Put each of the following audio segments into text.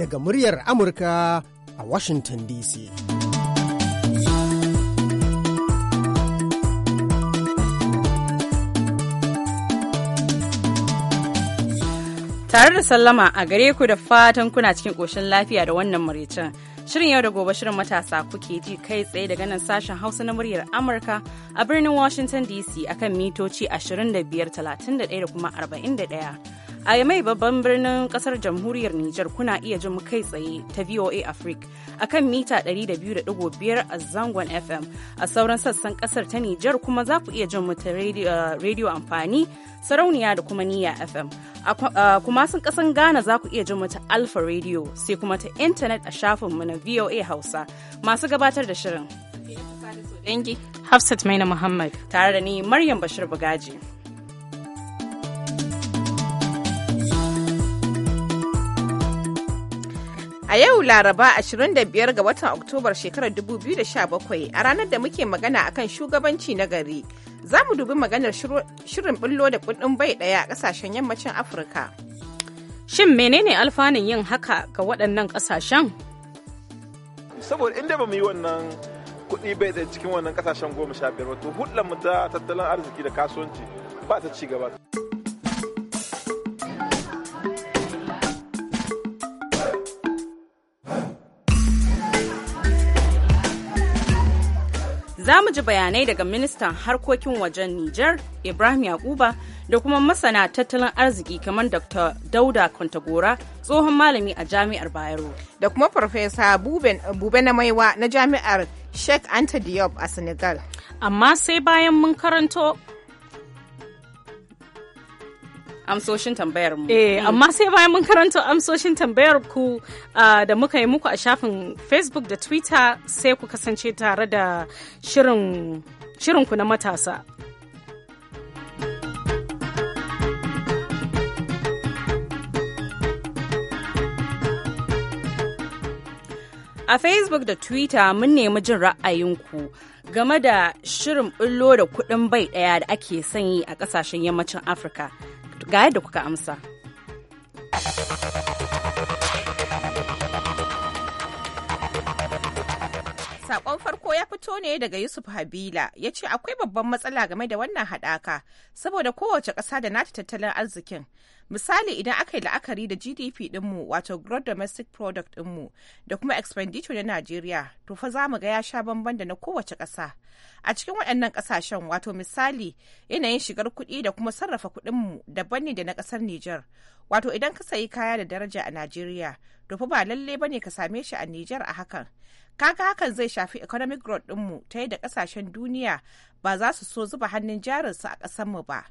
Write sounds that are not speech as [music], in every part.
daga muryar Amurka a Washington DC. Tare da sallama a gare ku da fatan kuna cikin ƙoshin lafiya da wannan maraicin. Shirin yau da gobe shirin matasa kuke ji kai tsaye daga nan sashen Hausa na muryar Amurka a birnin Washington DC akan mitoci 25, 31 da kuma 41. A Yamai babban birnin kasar jamhuriyar Nijar kuna iya jin mu kai tsaye ta VOA Africa a kan mita 200.5 a zangon FM. A sauran sassan kasar ta Nijar kuma za ku iya jin mu ta rediyo amfani sarauniya da kuma niya FM. A kuma sun kasan Ghana za ku iya jin mu ta Alpha Radio sai kuma ta intanet a shafin mu na VOA Hausa. Masu gabatar da shirin. Hafsat Maina Muhammad. Tare da ni Maryam Bashir Bugaji. A yau Laraba 25 ga watan Oktobar shekarar 2017 a ranar da muke magana akan shugabanci na gari. Za mu dubi maganar shirin bullo da kudin bai daya a kasashen yammacin Afirka. Shin menene alfanun yin haka ga waɗannan kasashen? Saboda inda ba mu yi wannan kuɗi bai da cikin wannan kasashen goma sha biyar wato hulɗar mu ta tattalin arziki da kasuwanci ba ta ci gaba. Za mu ji bayanai daga ministan harkokin wajen Nijar, Ibrahim Yakuba, da kuma masana tattalin arziki kamar Dr. Dauda Kwantagora, tsohon malami a Jami'ar Bayero. Da kuma Farfesa Bube na Maiwa na Jami'ar Sheikh Anta Diop a Senegal. Amma sai bayan mun karanto amsoshin tambayar mu. Eh, mm. amma sai bayan mun karanta amsoshin tambayar ku ah, da muka yi muku a shafin Facebook da Twitter sai ku kasance tare da shirin shirinku na matasa. A Facebook da Twitter mun nemi jin ra'ayinku game da shirin bullo da kuɗin bai ɗaya da ake sanyi a ƙasashen yammacin Afirka. ga yadda kuka amsa. Sakon farko ya fito ne daga Yusuf Habila ya ce akwai babban matsala game da wannan hadaka saboda kowace ƙasa da nata tattalin arzikin. Misali idan aka yi la'akari da GDP ɗinmu wato Gross Domestic Product ɗinmu da kuma expenditure na Najeriya to fa za mu ga ya sha bamban da na kowace ƙasa. A cikin waɗannan ƙasashen wato misali yanayin shigar kuɗi da kuma sarrafa kuɗinmu daban ne da na ƙasar Nijar. Wato idan ka sayi kaya da daraja a Najeriya to fa ba lalle bane ka same shi a Nijar a hakan. kaga hakan zai shafi economic growth dinmu ta yadda kasashen duniya ba za su so zuba hannun jarinsu a ƙasanmu ba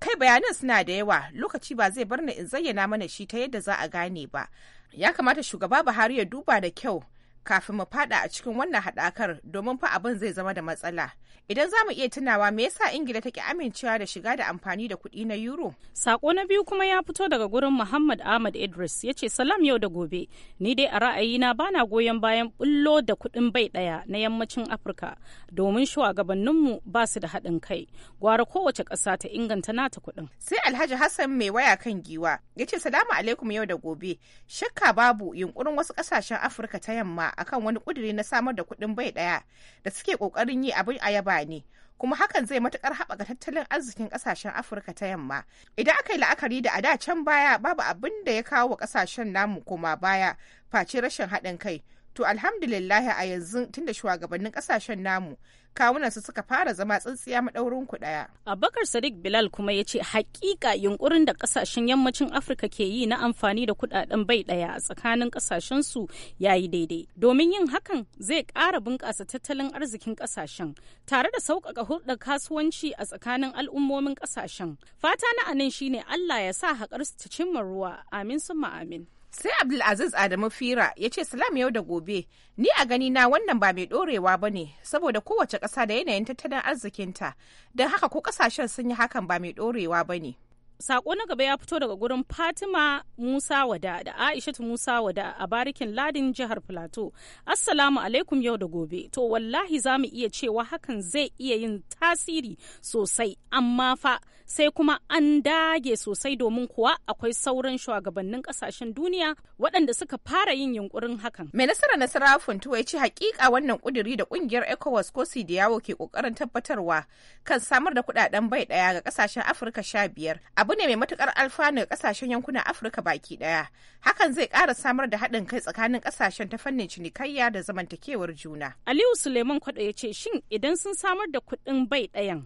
kai bayanan suna da yawa lokaci ba zai bar ni in zayyana mana shi ta yadda za a gane ba ya kamata shugaba buhari ya duba da kyau kafin mu fada a cikin wannan haɗakar domin fa abin zai zama da matsala. Idan za mu iya tunawa me yasa Ingila take amincewa da shiga da amfani da kuɗi na euro? Sako na biyu kuma ya fito daga gurin Muhammad Ahmad Idris ya ce salam yau da gobe ni dai a ra'ayi ra'ayina bana goyon bayan bullo da kuɗin bai ɗaya na yammacin Afirka domin shugabanninmu ba su da haɗin kai gwara kowace ƙasa ta inganta nata kuɗin. Sai Alhaji Hassan mai waya kan giwa ya ce salamu alaikum yau da gobe shakka babu yunkurin wasu ƙasashen Afirka ta yamma akan wani kuduri na samar da kuɗin bai ɗaya da suke ƙoƙarin yi abin a yaba ne kuma hakan zai matukar haɓaka tattalin arzikin ƙasashen afirka ta yamma idan aka yi la'akari da a da can baya babu abin da ya kawo wa ƙasashen namu koma baya face rashin haɗin kai to alhamdulillah a yanzu tunda shugabannin ƙasashen namu kawunansu suka fara zama tsintsiya maɗaurin ku ɗaya. Abubakar Sadiq Bilal kuma ya ce hakika yunkurin da ƙasashen yammacin Afirka ke yi na amfani da kuɗaɗen bai ɗaya a tsakanin kasashen su yayi daidai. Domin yin hakan zai ƙara bunƙasa tattalin arzikin ƙasashen tare da sauƙaƙa hulɗar kasuwanci a tsakanin al'ummomin ƙasashen Fata na anan shine Allah ya sa haƙar su ta cimma ruwa. Amin summa amin. sai abdulaziz adamu fira ya ce salam yau da gobe ni a gani na wannan ba mai dorewa ba ne saboda kowace ƙasa da yanayin tattalin arzikinta don haka ko ƙasashen sun yi hakan ba mai ɗorewa ba ne Sako na gaba ya fito daga gurin Fatima Musa Wada da Aishatu Musa Wada a barikin Ladin jihar Filato. Assalamu alaikum yau da gobe. To wallahi za mu iya cewa hakan zai iya yin tasiri sosai amma fa sai kuma an dage sosai domin kuwa akwai sauran shugabannin kasashen duniya waɗanda suka fara yin yunkurin hakan. Mai nasara nasara funtuwa ce hakika wannan kuduri da kungiyar ECOWAS ko yawo ke kokarin tabbatarwa kan samar da kudaden bai ɗaya ga kasashen Afirka sha biyar abu ne mai matukar alfanu ga kasashen yankunan afirka baki daya hakan zai kara samar da haɗin kai tsakanin kasashen ta fannin cinikayya da zamantakewar juna aliyu suleiman Kwaɗo ya ce shin idan sun samar da kuɗin bai ɗayan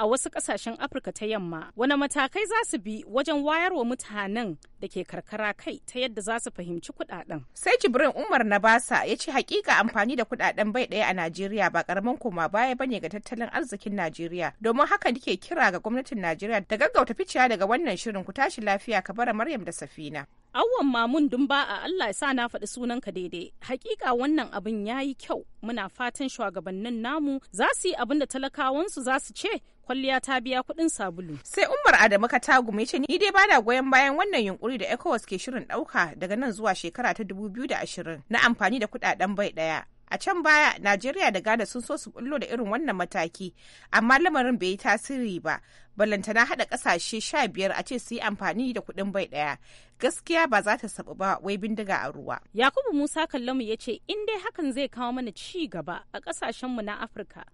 a wasu kasashen Afirka ta yamma wani matakai za su bi wajen wayarwa mutanen da ke karkara kai ta yadda za su fahimci kudaden. Sai Jibrin Umar na basa ya ce hakika amfani da kudaden bai ɗaya a Najeriya ba karamin koma baya bane ga tattalin arzikin Najeriya. Domin haka nike kira ga gwamnatin Najeriya da gaggauta ficiya daga wannan shirin ku tashi lafiya ka bara Maryam da Safina. Awon Mamun Dumba a Allah ya sa na faɗi sunanka daidai. Hakika wannan abin ya yi kyau. Muna fatan shugabannin namu za su yi abin da talakawansu za su ce kwalliya ta biya kuɗin sabulu. Sai Umar Adamu ka Katagu mai ce ni dai bada goyon bayan wannan yunkuri da ECOWAS ke shirin ɗauka daga nan zuwa shekara ta dubu biyu da ashirin na amfani da kuɗaɗen bai ɗaya. a can baya najeriya da ghana sun so su bullo da irin wannan mataki amma lamarin bai yi tasiri ba balantana haɗa ƙasashe sha biyar a ce su yi amfani da kuɗin bai ɗaya gaskiya ba za ta sabu ba wai bindiga a ruwa yakubu musa kallamu ya ce in dai hakan zai kawo mana ci gaba a mu na afirka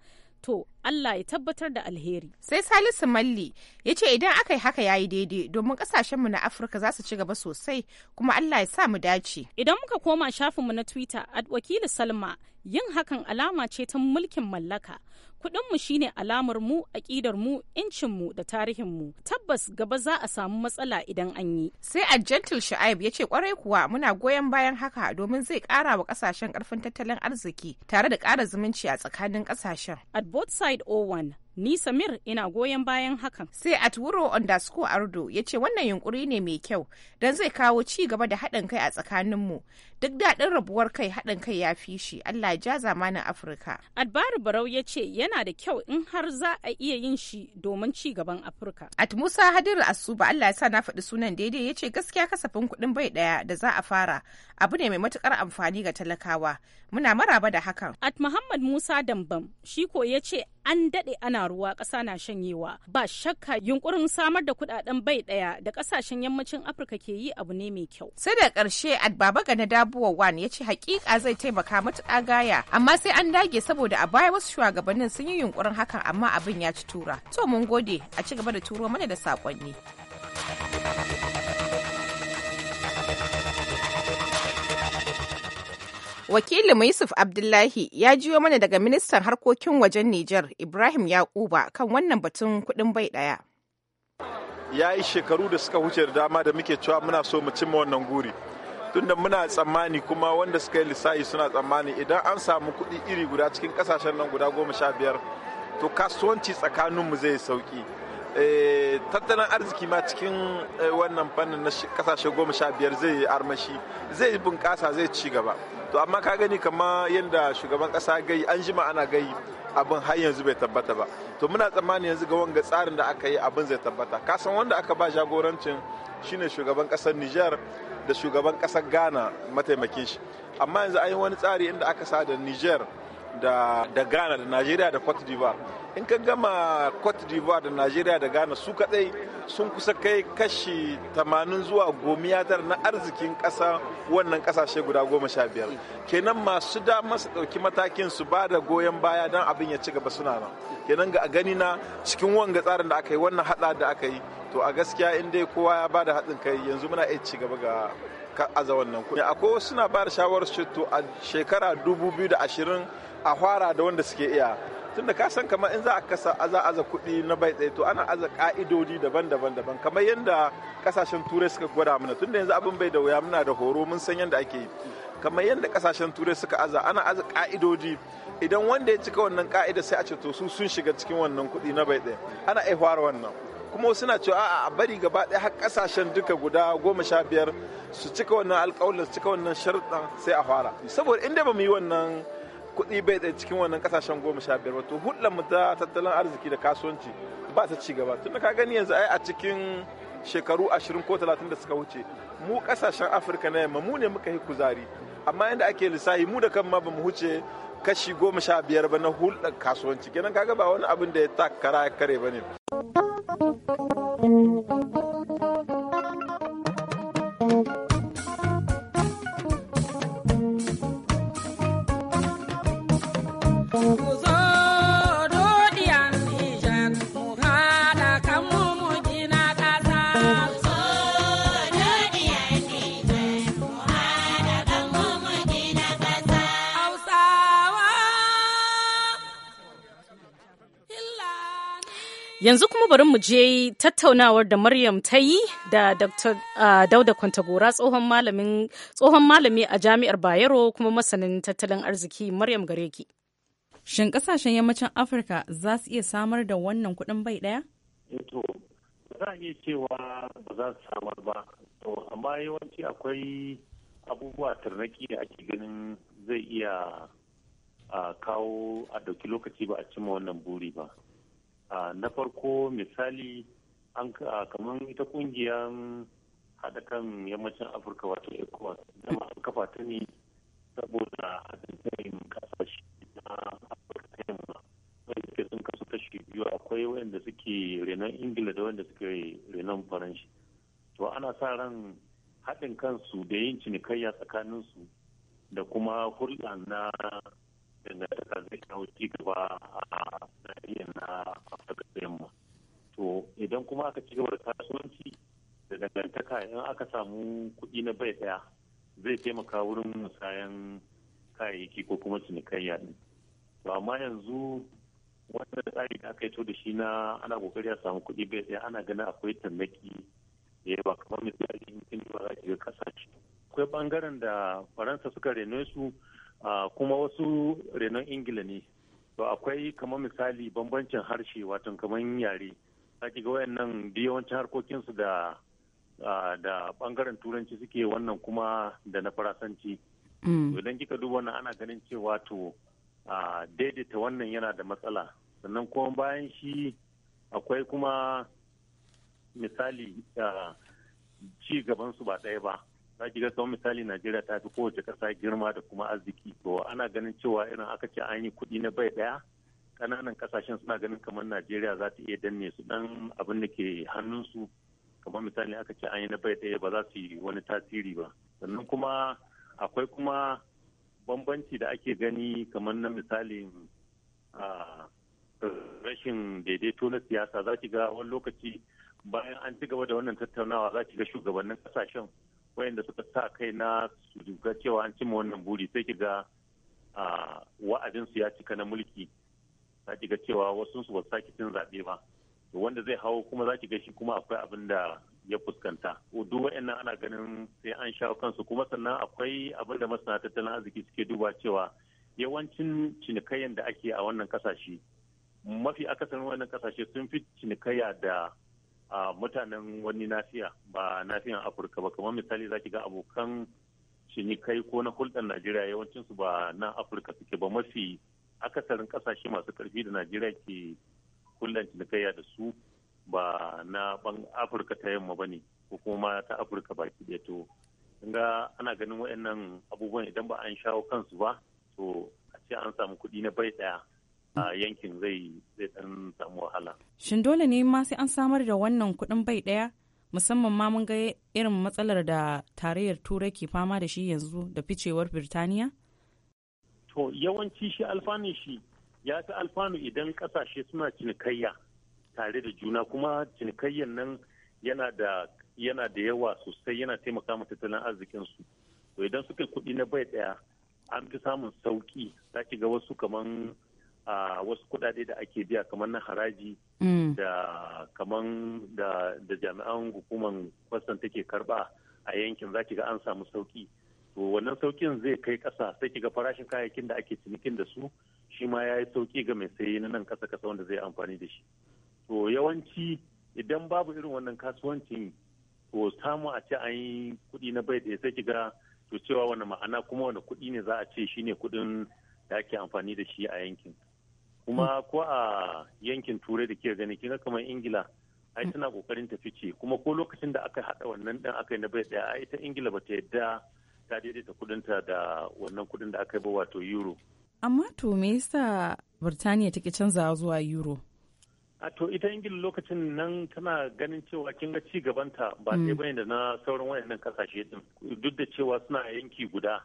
to Allah ya tabbatar da alheri. Sai Salisu Malli ya ce idan aka yi haka yayi daidai domin kasashenmu na Afirka za su ci gaba sosai kuma Allah ya sa mu dace. Idan muka koma shafinmu na Twitter at wakili Salma yin hakan alama ce ta mulkin mallaka Kuɗinmu shine alamar mu, aƙidar mu, incin mu da tarihin mu. Tabbas gaba za a samu matsala idan an yi. Sai a Gentle Sha'ib ya ce kwarai kuwa muna goyon bayan haka domin zai ƙara wa ƙasashen ƙarfin tattalin arziki tare da ƙara zumunci a tsakanin ƙasashen. At both side 01 Ni Samir ina goyon bayan hakan. Sai at wuro underscore ardo ya ce wannan yunkuri ne mai kyau don zai kawo ci gaba da haɗin kai a tsakaninmu. Duk daɗin rabuwar kai haɗin kai ya fi shi Allah ja zamanin Afirka. adbaru Barau ya ce yana da kyau in har za a iya yin shi domin ci gaban Afirka. At Musa Hadiru Asuba Allah ya sa na faɗi sunan daidai ya ce gaskiya kasafin kuɗin bai ɗaya da za a fara abu ne mai matukar amfani ga talakawa muna maraba da hakan. At Muhammad Musa Dambam shi ko ya ce an daɗe ana ruwa ƙasa na shanyewa ba shakka yunkurin samar da kuɗaɗen bai ɗaya da ƙasashen yammacin Afirka ke yi abu ne mai kyau. Sai da ƙarshe At Baba Gana Dabuwa Wan ya ce hakika zai taimaka matuƙa gaya amma sai an dage saboda a baya wasu shugabannin sun yi yunkurin hakan amma abin ya ci tura. To mun gode a ci gaba da turo mana da saƙonni. Wakilin Yusuf Abdullahi ya jiyo mana daga ministan harkokin wajen Nijar Ibrahim Yakuba kan wannan batun kudin bai daya. Ya yi shekaru da suka wuce da dama da muke cewa muna so mu cimma wannan guri. tunda muna tsammani kuma wanda suka yi lissafi suna tsammani idan an samu kuɗi iri guda cikin kasashen nan guda goma sha biyar to kasuwanci tsakaninmu zai sauki eh, tattalin arziki ma cikin eh, wannan fannin na kasashe goma sha biyar zai yi armashi zai bunƙasa zai ci gaba to amma ka gani kamar yadda shugaban kasa gai an jima ana gai abin har yanzu bai tabbata ba to muna tsammani yanzu ga wanga tsarin da aka yi abin zai tabbata kasan wanda aka ba jagorancin shine shugaban kasar Niger da shugaban kasar Ghana mataimakin shi amma yanzu an yi wani tsari inda aka sa da Niger da, da ghana da nigeria da cote d'ivoire in ka gama cote d'ivoire da najeriya da ghana su kadai sun kusa kai kashi tamanin zuwa gomiyatar na arzikin kasa wannan kasashe guda goma sha biyar kenan masu dama su dauki matakin su ba da goyon baya don abin ya ci gaba suna nan kenan ga gani na cikin wanga tsarin da aka yi wannan hada da aka yi to a gaskiya in dai kowa ya ba da haɗin kai yanzu muna iya ci gaba ga aza wannan kuɗi akwai wasu suna ba da shawarar to a shekara 2020 a fara da wanda suke iya tunda ka san kamar in za a kasa aza aza kuɗi na bai tsaye to ana aza ka'idodi daban-daban daban kamar yadda kasashen turai suka gwada mana tunda yanzu abin bai da wuya muna da horo mun san yadda ake yi kamar yadda kasashen turai suka aza ana aza ka'idodi idan wanda ya cika wannan ka'ida sai a ce to su sun shiga cikin wannan kuɗi na bai ana ai fara wannan kuma suna cewa a a bari gaba ɗaya har kasashen duka guda goma sha biyar su cika wannan alƙawalin su cika wannan sharuɗan sai a fara saboda inda ba mu yi wannan kuɗi bai da cikin wannan kasashen goma sha biyar wato hulɗar mu ta tattalin arziki da kasuwanci ba ta ci gaba tun da ka gani yanzu ai a cikin shekaru ashirin ko talatin da suka wuce mu kasashen afirka na yamma mu ne muka yi kuzari amma yadda ake lissahi mu da kan ma bamu mu huce kashi goma sha biyar ba na hulɗar kasuwanci kenan kaga ba wani abin da ya takara ya kare ba ne. bari mu je tattaunawar da Maryam ta yi da Dr. Dauda Kwantagora tsohon malami a jami'ar Bayero kuma masanin tattalin arziki Maryam Gareki. Shin kasashen yammacin Afirka za su iya samar da wannan kuɗin bai ɗaya? Eto, eh za a iya cewa ba za su samar ba. amma yawanci akwai abubuwa tarnaki da ake ganin zai iya kawo a ɗauki lokaci ba a cimma wannan buri ba. Ah, na farko misali an ah, kamar ita kungiyar haɗa kan yammacin afirka wato ecowas dama an kafa ta ne saboda haɗin kasashe na afirka ta yamma wanda suke sun kasu kashi biyu akwai wanda suke renon ingila da wanda suke renon faranshi to ana sa ran haɗin kansu da yin cinikayya tsakanin su da kuma hulɗa na dangantaka zai kawo ci gaba a a afirka to idan kuma aka ci gaba da kasuwanci da dangantaka in aka samu kuɗi na bai ɗaya zai taimaka wurin musayan kayayyaki ko kuma cinikayya ɗin to amma yanzu wannan tsari da aka yi to da shi na ana kokari a samu kuɗi bai ɗaya ana ganin akwai tallaki da yawa kamar misali in kin ba za ki ga kasashe akwai bangaren da faransa suka reno su kuma wasu renon ingila ne to akwai kamar misali bambancin harshe watan kamar yare zaki ga wayannan yawancin harkokinsu da da bangaren turanci suke wannan kuma da na faransanci mm. idan kika duba wannan ana ganin cewa to daidaita wannan yana da matsala sannan kuma bayan shi akwai kuma misali ci gabansu ba ɗaya ba za ki ga kamar misali najeriya ta fi kowace ƙasa girma da kuma arziki to ana ganin cewa irin aka ce an yi kuɗi na bai ɗaya ƙananan ƙasashen suna ganin kamar najeriya za ta iya danne su ɗan abin da ke hannunsu kamar misali aka ce an yi na bai ɗaya ba za su yi wani tasiri ba sannan kuma akwai kuma bambanci da ake gani kamar na misalin rashin daidaito na siyasa za ki ga wani lokaci bayan an ci gaba da wannan tattaunawa za ki ga shugabannin kasashen wayanda suka sa kai na su ga cewa an cimma wannan buri sai kiga su ya cika na mulki za ki ga cewa wasu su ba su sake cin zaɓe ba to wanda zai hawo kuma za ki ga shi kuma akwai abin da ya fuskanta duk wa'annan ana ganin sai an sha kansu kuma sannan akwai abin da masana tattalin arziki suke duba cewa yawancin cinikayyan da ake a wannan kasashe mafi akasarin wannan kasashe sun fi cinikayya da a mutanen wani nafiya ba nafiyan afirka ba kamar misali zaki ga abokan kai ko na hulɗar najeriya yawancinsu ba na afirka suke ba mafi akasarin ƙasashe masu ƙarfi da najeriya ke hulɗar cinikayya da su ba na ban afirka ta yamma ba ne ko kuma ta afirka baki ɗaya to ga ana ganin waɗannan abubuwan idan ba an shawo kansu ba to a ce an samu kuɗi na bai ɗaya a yankin zai zai dan samu wahala shin dole ne ma sai an samar da wannan kuɗin bai ɗaya musamman ma mun ga irin matsalar da tarayyar turai ke fama da shi yanzu da ficewar birtaniya to yawanci shi alfanu shi ya fi alfanu idan ƙasashe suna cinikayya tare da juna kuma cinikayyan nan yana da yana da yawa sosai yana taimaka ma tattalin su to idan suka kuɗi na bai ɗaya an fi samun sauƙi za ga wasu kamar. A wasu kudade da ake biya kamar na haraji mm. da kamar da jami'an hukumar kwastan take karba a yankin za ki ga an samu sauki to wannan saukin zai kai kasa sai ki ga farashin kayayyakin da ake cinikin da su shi ma ya yi sauki ga mai sayi na nan kasa kasa wanda zai amfani da shi to yawanci idan babu irin wannan kasuwancin to samu a ce an yi kuɗi na bai ɗaya sai ki ga to cewa wani ma'ana kuma wani kuɗi ne za a ce shine kuɗin da ake amfani da shi a yankin kuma ko a yankin turai da ke gani kina kamar ingila ai mm. tana kokarin ta fice kuma ko lokacin da aka haɗa wannan dan aka yi na bai daya ai ita ingila ba bata yadda ta daidaita ta da wannan kudin da aka yi ba wato euro amma to me yasa birtaniya take canzawa zuwa euro a to ita ingila lokacin nan tana ganin cewa kin ga ci gabanta ba mm. sai bane da na sauran wayannan kasashe din duk da cewa suna yanki guda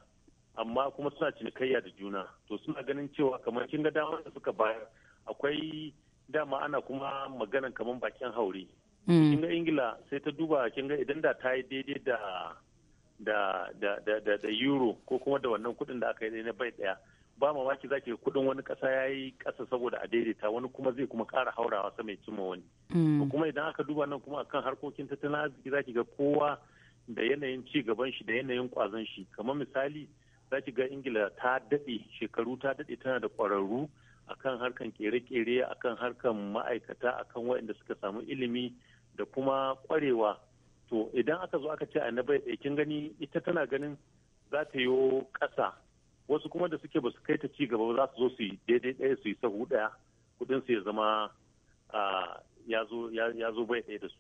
amma kuma suna cinikayya da juna to suna ganin cewa kamar kin ga dama da suka bayar akwai dama ana kuma maganan kamar bakin haure mm. kin ga ingila sai ta duba kin ga idan da ta yi daidai da da da da da euro ko kuma da wannan kuɗin da aka yi na bai daya ba mamaki za ki kuɗin wani kasa yayi kasa saboda a daidaita wani kuma zai kuma ƙara haurawa sama ya cimma wani mm. kuma idan aka duba nan kuma akan harkokin tattalin arziki za ga kowa da yanayin ci gaban shi da yanayin kwazon shi kamar misali za ki ga ingila ta daɗe shekaru ta daɗe tana da ƙwararru akan harkan kere-kere akan harkan ma'aikata akan waɗanda suka samu ilimi da kuma ƙwarewa to idan aka zo aka ce a na bai gani ita tana ganin za ta yi ƙasa wasu kuma da suke ba su kai ta ci gaba ba za su zo su yi daidai ɗaya su yi sahu ɗaya kuɗin su ya zama ah, ya zo bai ɗaya da su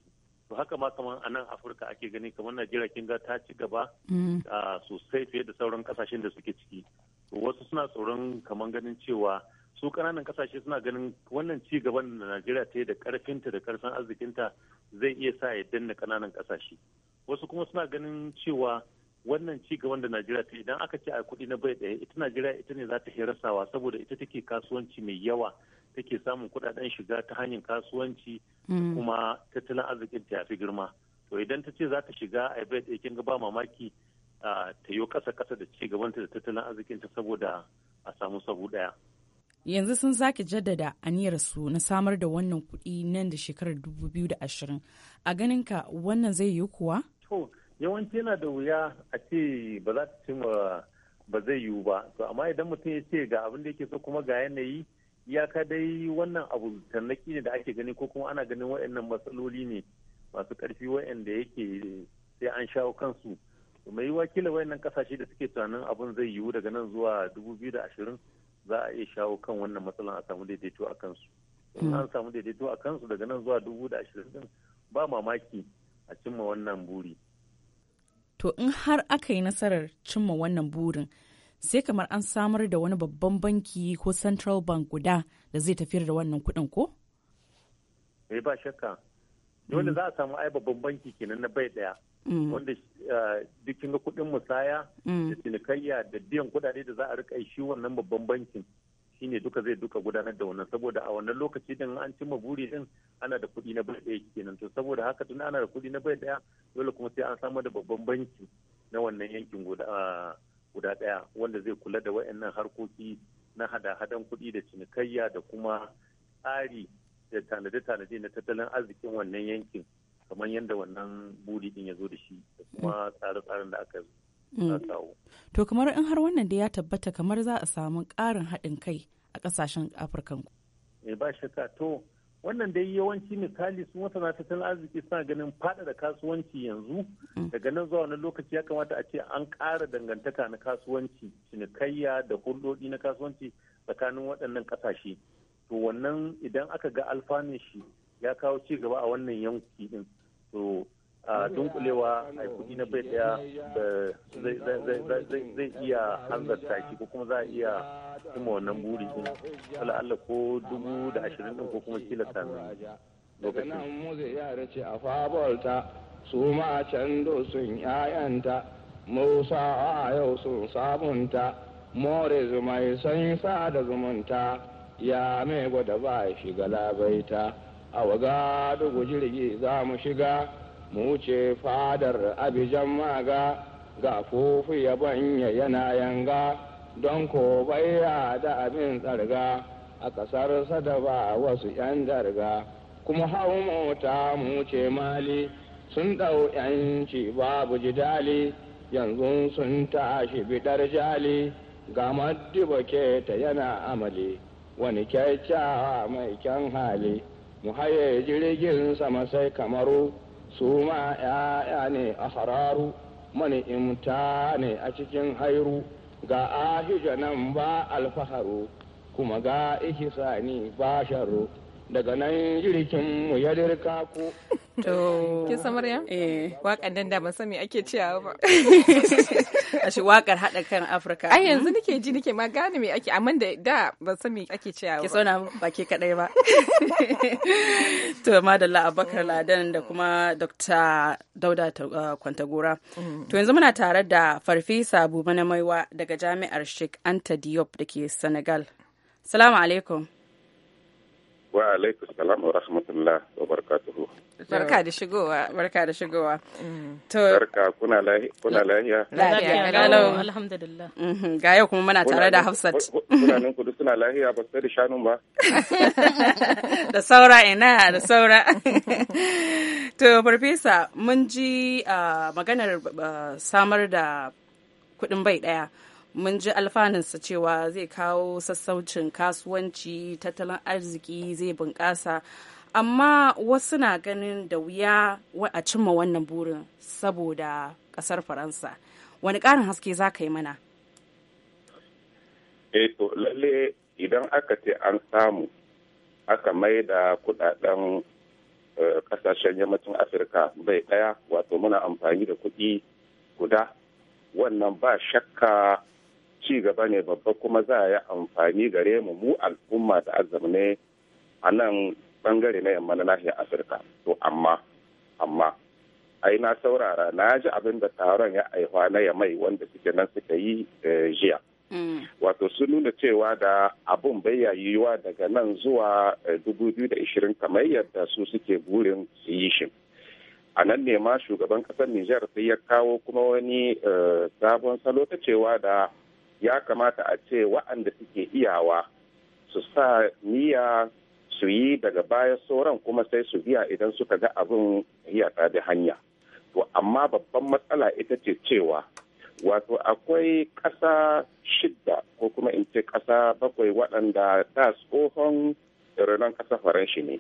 to haka ma kamar a nan afirka ake gani kamar najeriya kin ga ta ci gaba mm. a sosai fiye da sauran kasashen da suke ciki wasu suna tsoron kamar ganin cewa su kananan kasashe suna ganin wannan ci gaban da najeriya ta yi da karfinta da karfin arzikinta zai iya sa ya danna kananan kasashe wasu kuma suna ganin cewa wannan ci gaban da najeriya ta idan aka ce a kuɗi na bai ɗaya ita najeriya ita ne za ta rasawa saboda ita take kasuwanci mai yawa take samun kudaden shiga ta hanyar kasuwanci mm. kuma tattalin arzikin ta fi girma to idan ta ce za ta shiga a bai da kin ga ba mamaki ta yi kasa kasa da ci gabanta da tattalin arzikin ta saboda a samu sabu daya yanzu sun sake jaddada aniyar su na samar da wannan kuɗi nan da shekarar da ashirin a ganinka wannan zai yi kuwa? to yawanci yana da wuya a ce ba za ta cimma ba zai yiwu ba to amma idan mutum ya ce ga abin da yake so kuma ga yanayi iyaka dai wannan abu tarnaki ne da ake gani ko kuma ana ganin waɗannan matsaloli ne masu ƙarfi waɗanda yake sai an shawo kansu mai yiwuwa kila wa'annan kasashe da suke tunanin abun zai yiwu daga nan zuwa 2020 za a iya shawo kan wannan matsalan a samu daidaito a kansu in an samu daidaito a kansu daga nan zuwa 2020 ba mamaki a cimma wannan buri to in har aka yi nasarar cimma wannan burin sai kamar an samar da wani babban banki ko central bank guda da zai tafiyar da wannan kuɗin ko? Eh ba shakka. Dole mm. za a samu ai babban banki kenan na bai ɗaya. Mm. Wanda eh, dukkan kuɗin musaya mm. da cinikayya da biyan kuɗaɗe da za a rika shi wannan babban bankin shine duka zai duka gudanar da wannan saboda a wannan lokaci din an cimma buri din ana da kuɗi na bai daya kenan to saboda haka tun ana da kuɗi na bai ɗaya dole kuma sai an samar da babban banki na wannan yankin guda ah, guda ɗaya wanda zai kula da wayannan harkoki na hada-hadan kuɗi da cinikayya da kuma tsari da tanade-tanade na tattalin arzikin wannan yankin kamar yadda wannan buri din ya zo da shi da kuma tsare-tsaren da aka mm. kawo. To kamar in har wannan da ya tabbata kamar za a samu ƙarin haɗin kai a ƙasashen Afirka. Me eh, ba shakka to wannan dai yawanci misali su masana tattalin arziki suna ganin da kasuwanci yanzu mm. daga nan zuwa wani lokaci ya kamata a ce an ƙara dangantaka na kasuwanci cinikayya da hulɗoɗi na kasuwanci tsakanin waɗannan ƙasashe to wannan idan aka ga alfanun shi ya kawo ci gaba a wannan yanki din to dunkulewa a kudi na bai daya zai iya hanzarta shi ko kuma za a iya cimma wannan buri din wala Allah ko dubu da ashirin din ko kuma kila kamin lokacin. su ma can sun yayanta musa a yau sun sabunta more zumai sun sa da zumunta ya mai gwada ba shiga labaita a waga dugu jirgi za mu shiga mu ce fadar abijan maga ga fufu ya banya yana yanga don ko baya da abin tsarga a ƙasar ba wasu 'yan darga kuma hau mota mu ce mali sun ɗau 'yanci babu jidali yanzu sun tashi bidar jali ga maddiba ta yana amali wani kyakkyawa mai kyan hali mu haye jirgin sama sai kamaru su ma ‘ya'ya ne a hararu mani imta ne a cikin hairu ga ahija nan ba alfaharu kuma ga ihisani ba sharu daga nan jirgin mu ya dirka ku. [laughs] To, kin Maryam? Eh, da ban sani ake cewa ba. [laughs] a [laughs] shi wakar haɗa kan Afirka. Ai yanzu nake ji nake ma gane me ake amma da da ban san me ake cewa ba. Ke sona ba ke kadai ba. To madalla Abubakar Ladan da kuma Dr. Dauda uh, Kwantagora. Mm. To yanzu muna tare da Farfesa Buba na Maiwa daga Jami'ar Sheikh Anta Diop da Senegal. Salamu alaikum. wa alaikum salam wa rahmatullah wa barakatuhu barka da shigowa barka da shigowa mm. to barka kuna lahi kuna lahiya lahiya alhamdulillah mm-hmm, ga yau kuma muna tare da Hafsat kunanin kudu suna lahiya ba sai da shanun ba [laughs] da saura ina da saura [laughs] to farfesa mun ji ah, maganar ah, samar da kudin bai daya mun ji alfanunsa cewa zai kawo sassaucin kasuwanci tattalin arziki zai bunƙasa amma wasu na ganin da wuya a cimma wannan burin saboda ƙasar faransa wani ƙarin haske za ka yi mana eh to lalle idan aka ce an samu aka mai da kudaden kasashen eh, yammacin afirka bai daya wato muna amfani da kuɗi guda wannan ba shakka ci gaba ne babba kuma za a yi amfani gare mu mu al'umma da ne a nan bangare na yamma na nahiyar afirka to amma amma ai na saurara na ji abin da taron ya aihuwa na yamai wanda suke nan suka yi eh, jiya mm. wato sun nuna cewa da abun bai yiwuwa daga nan zuwa 2020 eh, kamar yadda su suke burin su yi shi a nan ne ma shugaban kasar Nijar sai ya kawo kuma wani eh, sabon salo ta cewa da ya kamata a ce waɗanda suke iyawa su sa niyya su yi daga baya sauran kuma sai su biya idan suka ga abin iya bi hanya to amma babban matsala ita ce cewa wato akwai ƙasa shidda ko kuma in ce ƙasa bakwai waɗanda da tsohon irinan ƙasa faranshi ne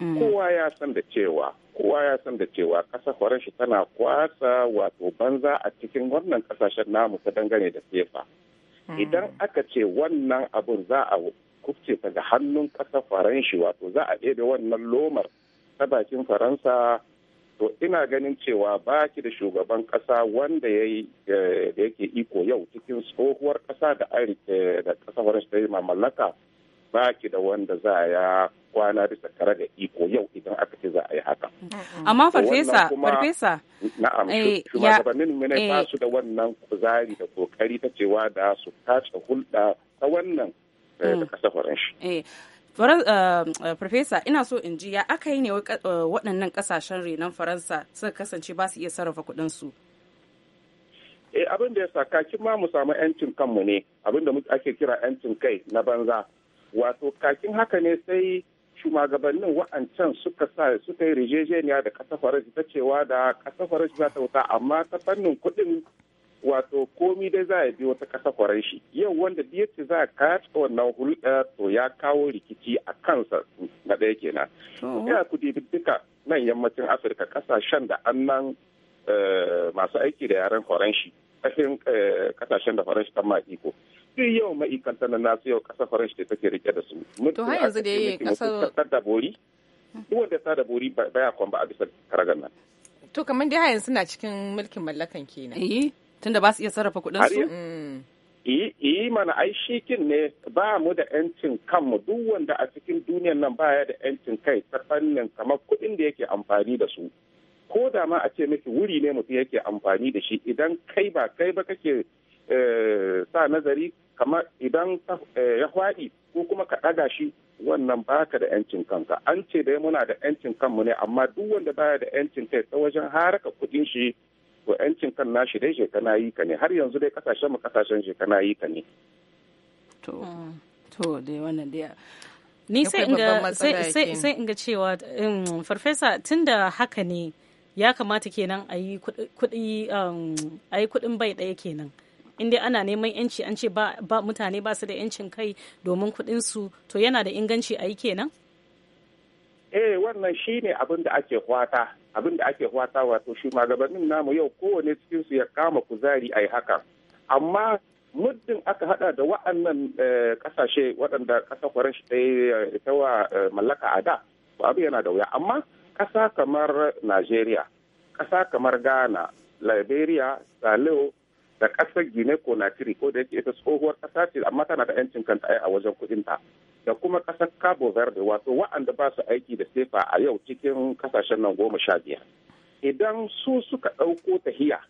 mm. kowa ya san da cewa kowa ya san da cewa ƙasa faranshi tana kwasa wato banza a cikin wannan ƙasashen namu ta dangane da sefa idan aka ce wannan abun za a kufce ta ga hannun ƙasa faranshi wato za a ɗebe wannan lomar ta bakin faransa to ina ganin cewa baki da shugaban ƙasa wanda ya eh, yake iko yau cikin tsohuwar ƙasa da eh, ƙasa faransa ta yi mamallaka ba ki da wanda za ya kwana bisa kare da iko yau idan aka ce za a yi haka. Amma farfesa, farfesa. Na'am, eh, shugabannin mu ne ba su da eh. wannan kuzari da kokari ta cewa da su tace hulɗa ta wannan eh, mm. da kasafarin shi. Farfesa, ina so in ji ya aka yi ne waɗannan ƙasashen renon Faransa suka kasance ba su iya sarrafa kuɗinsu. Eh abin da ya sa kakin ma mu samu 'yancin kanmu ne abin da ake kira 'yancin kai na banza. wato kakin haka ne sai shugabannin wa'ancan suka sa suka yi rijejeniya da kasa faransa ta cewa da kasa faransa za ta wuta amma ta fannin kuɗin wato komi dai za a bi wata ƙasa kwaran yau wanda da ce za a kaci wannan hulɗa to ya kawo rikici a kansa na ɗaya kenan Ya ku duka nan yammacin afirka kasashen da an nan eh, masu aiki da yaren kwaran ƙarƙashin eh, kasashen da faransh ta ma iko yau ma'aikanta na nasu yau ƙasar faransh da take rike da su to har yanzu da yayi ƙasar da bori kuma da ta da bori baya kwan ba a bisa karagar nan to kamar dai har yanzu na cikin mulkin mallakan kenan eh tunda ba su iya sarrafa kuɗin su yi mm. mana ai shikin ne ba mu da yancin kanmu duk wanda a cikin duniyan nan baya da yancin kai ta fannin kamar kuɗin da yake amfani da su ko da ma a ce miki wuri ne mutum yake amfani da shi idan kai ba kai ba kake eh, sa nazari kamar idan eh, ya hwaɗi ko kuma ka ɗaga shi wannan baka da yancin kanka an ce dai muna da yancin kanmu ne amma duk wanda baya da yancin kai ta wajen haraka kuɗin shi to yancin kan nashi dai je kana yi ka ne har yanzu dai kasashen mu kasashen je kana yi ka ne to mm. to dai wannan dai ni sai in ga cewa um, farfesa tunda haka ne ya kamata kenan um, a yi kuɗin bai ɗaya kenan inda ana neman yanci an ce ba mutane ba su da yancin kai domin su to yana da inganci a yi kenan eh wannan shi ne abin da ake kwata abin ake kwata wato shi magabannin namu yau kowane cikinsu ya kama kuzari a yi haka amma muddin aka hada da wa'annan kasashe eh, waɗanda ƙasa kwaran shi ta yi eh, wa eh, mallaka a da abu yana da wuya amma kasa kamar Najeriya, kasa kamar Ghana, Liberia, Saleo da ƙasar Guinea Conakry ko da yake ita tsohuwar ƙasa ce amma tana da 'yancin kanta a wajen ta Da kuma ƙasar Cabo Verde wato wa'anda ba su aiki da sefa a yau cikin kasashen nan goma sha biyar. Idan su suka ɗauko tahiya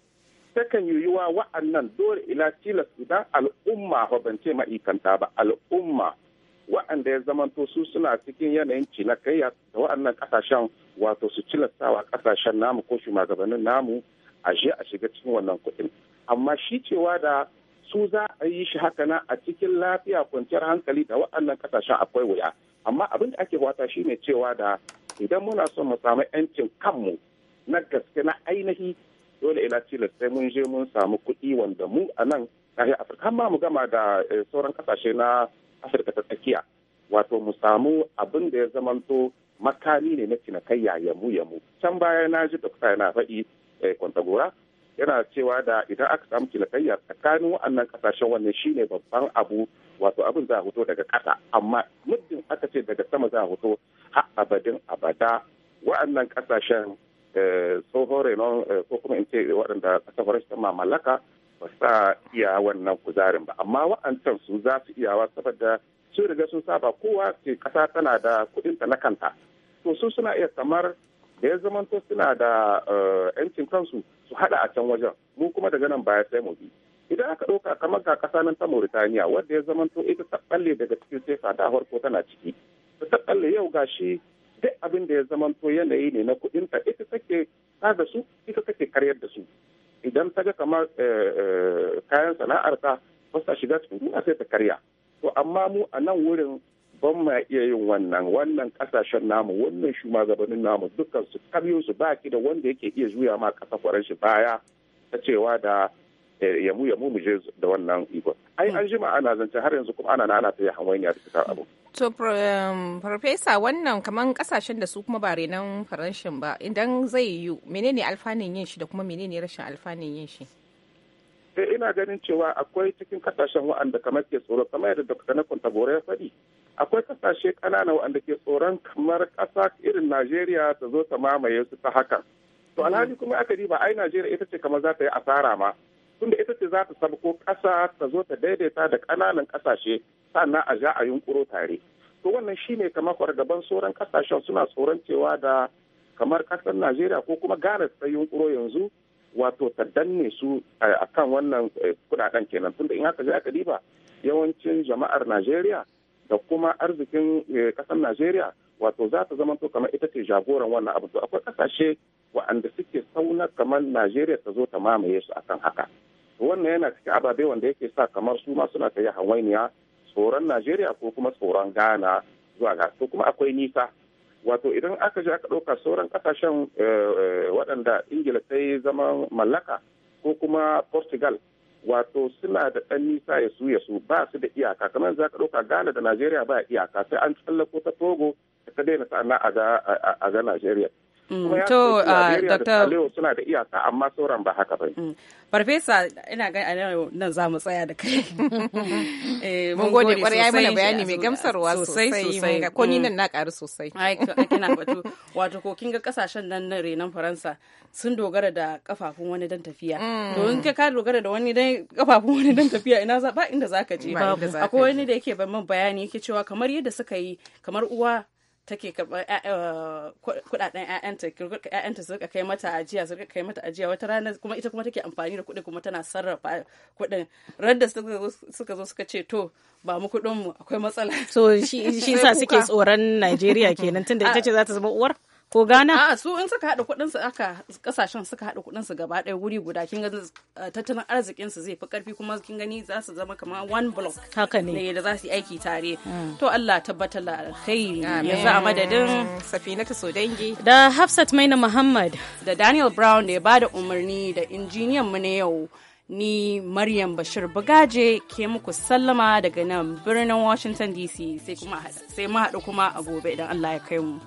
takan wa wa'annan dole ila tilas idan al'umma ba ban ce ma'ikanta ba al'umma waɗanda ya zama zamanto su suna cikin yanayin cinikayya da waɗannan ƙasashen wato su cilastawa ƙasashen namu ko shugabannin namu a je a shiga cikin wannan kuɗin amma shi cewa da su za a yi shi haka na a cikin lafiya kwanciyar hankali da waɗannan ƙasashen akwai wuya amma abin da ake wata shine cewa da idan muna son mu samu 'yancin kanmu na gaske na ainihi dole ina cila sai mun je mun samu kuɗi wanda mu a nan nahiyar afirka amma ma mu gama da eh, sauran kasashe na afirka ta tsakiya wato mu samu abin da ya zamanto makami ne na cinikayya yamu yamu can baya na ji dokta yana faɗi eh, kwantagora yana cewa da idan aka samu cinikayya tsakanin wa'annan kasashen wannan shine babban abu wato abin za a hoto daga ƙasa amma muddin aka ce daga sama za a hoto ha abadin abada wa'annan kasashen eh, tsohon renon eh, ko kuma in ce waɗanda ƙasar ta mallaka ba sa iya wannan kuzarin ba amma wa'ancan su za su iyawa saboda sun riga sun saba kowa ce kasa tana da kuɗinta na kanta to su suna iya kamar da ya zamanto suna da yancin eh, kansu su hada a can wajen mu kuma daga nan baya sai mu bi idan aka ɗauka kamar ga kasa nan ta Mauritania wanda ya zamanto ita ta balle daga cikin sefa da harko tana ciki ta balle yau gashi duk abin da ya zamanto yanayi ne na kuɗinta ta ita take ta da su ita take karyar da su idan ta ga kamar eh, eh, kayan sana'ar ta ba sa shiga cikin duniya sai ta karya to amma mu a nan wurin ban ma iya yin wannan wannan kasashen namu wannan shugabannin namu dukkan su kamyo su baki da wanda yake iya juya ma kasa kwaran shi baya ta cewa da eh, yamu yamu mu je da wannan ikon ai an jima ana zance har yanzu kuma ana na ana ta yi hawainiya da abu To, Farfesa, um, wannan kaman kasashen da su kuma ba renon faranshin ba, idan zai yiwu, menene alfanun yin shi da kuma menene rashin alfanin yin shi? sai eh, ina ganin cewa akwai cikin kasashen wa'anda kamar ke tsoro, kamar yadda kuka na Tabora ya faɗi. Akwai kasashe ƙanana wa'anda ke tsoron kamar ƙasa irin Najeriya ta zo ta mamaye su ta hakan. To, alhali mm. kuma aka ba ai Najeriya ita ce kamar za ta yi asara ma. tunda ita ce za ta sabko ƙasa ta zo ta daidaita da ƙananan ƙasashe sannan a ja a yunkuro tare to wannan shine kamar fargaban sauran ƙasashen suna tsoron cewa da kamar ƙasar najeriya ko kuma gane ta yunkuro yanzu wato ta danne su eh, a kan wannan eh, kudaden kenan tunda in haka je aka diba yawancin jama'ar najeriya da kuma arzikin eh, ƙasar najeriya wato za ta zama to kamar ita ce jagoran wannan abu to akwai ƙasashe waɗanda suke sauna kamar najeriya ta zo ta mamaye su akan haka wannan yana cikin ababe wanda yake sa kamar su ma suna kai hawainiya tsoron najeriya ko kuma tsoron ghana zuwa ga ko kuma akwai nisa wato idan aka je aka ɗauka sauran ƙasashen eh, eh, waɗanda ingila ta yi zama mallaka ko kuma portugal wato suna da ɗan nisa ya su ya su ba su da iyaka kamar za ka ɗauka ghana da najeriya ba iyaka sai an tsallako ta togo ta daina sa'ana a ga najeriya Mm. To, uh, Dr. suna da iyaka amma sauran ba haka ba. Mm. Farfesa, ina ga a nan za mu tsaya da kai. [laughs] Eh, mun gode kwarai ya mana bayani mai gamsarwa sosai sosai. Ko ni mm. nan na karu sosai. Ai, kina batu. Wato ko kin ga kasashen nan na renon Faransa sun dogara da kafafun wani dan tafiya. To in ka dogara da wani dan kafafun wani dan tafiya ina za ba inda zaka je. Akwai wani da yake ban bayani yake cewa kamar yadda suka yi kamar uwa take karɓar eh, kuɗaɗen ƴaƴanta ƴaƴanta su rika kai mata ajiya su kai mata ajiya wata rana kuma ita kuma take amfani da kuɗi kuma tana sarrafa kuɗin randa suka zo suka ce to ba mu kuɗin mu akwai matsala so shi shi [laughs] sa suke tsoron Najeriya kenan tunda ita [laughs] ce za ta zama uwar ko gana A su in suka haɗa kuɗin su aka kasashen suka haɗa kuɗin su gaba ɗaya wuri guda kin gani eh, tattalin arzikin su zai fi ƙarfi kuma kin gani za su zama kamar one block. Haka ne. Da za su yi aiki tare. Hmm. To Allah tabbatar da alkhairi. za a madadin ta Sodangi. Da Hafsat Maina Muhammad. Da Daniel Brown da ya bada umarni da injiniyan mu na yau. Ni Maryam Bashir Bugaje ke muku sallama daga nan birnin Washington DC sai kuma haɗu kuma a gobe idan Allah ya kai mu.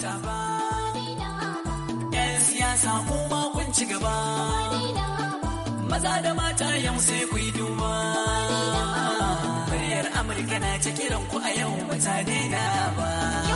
fahimta ba yan siyasa kuma kun ci gaba maza da mata yau sai ku yi duba muryar amurka na ta kiran ku a yau ba ta daina ba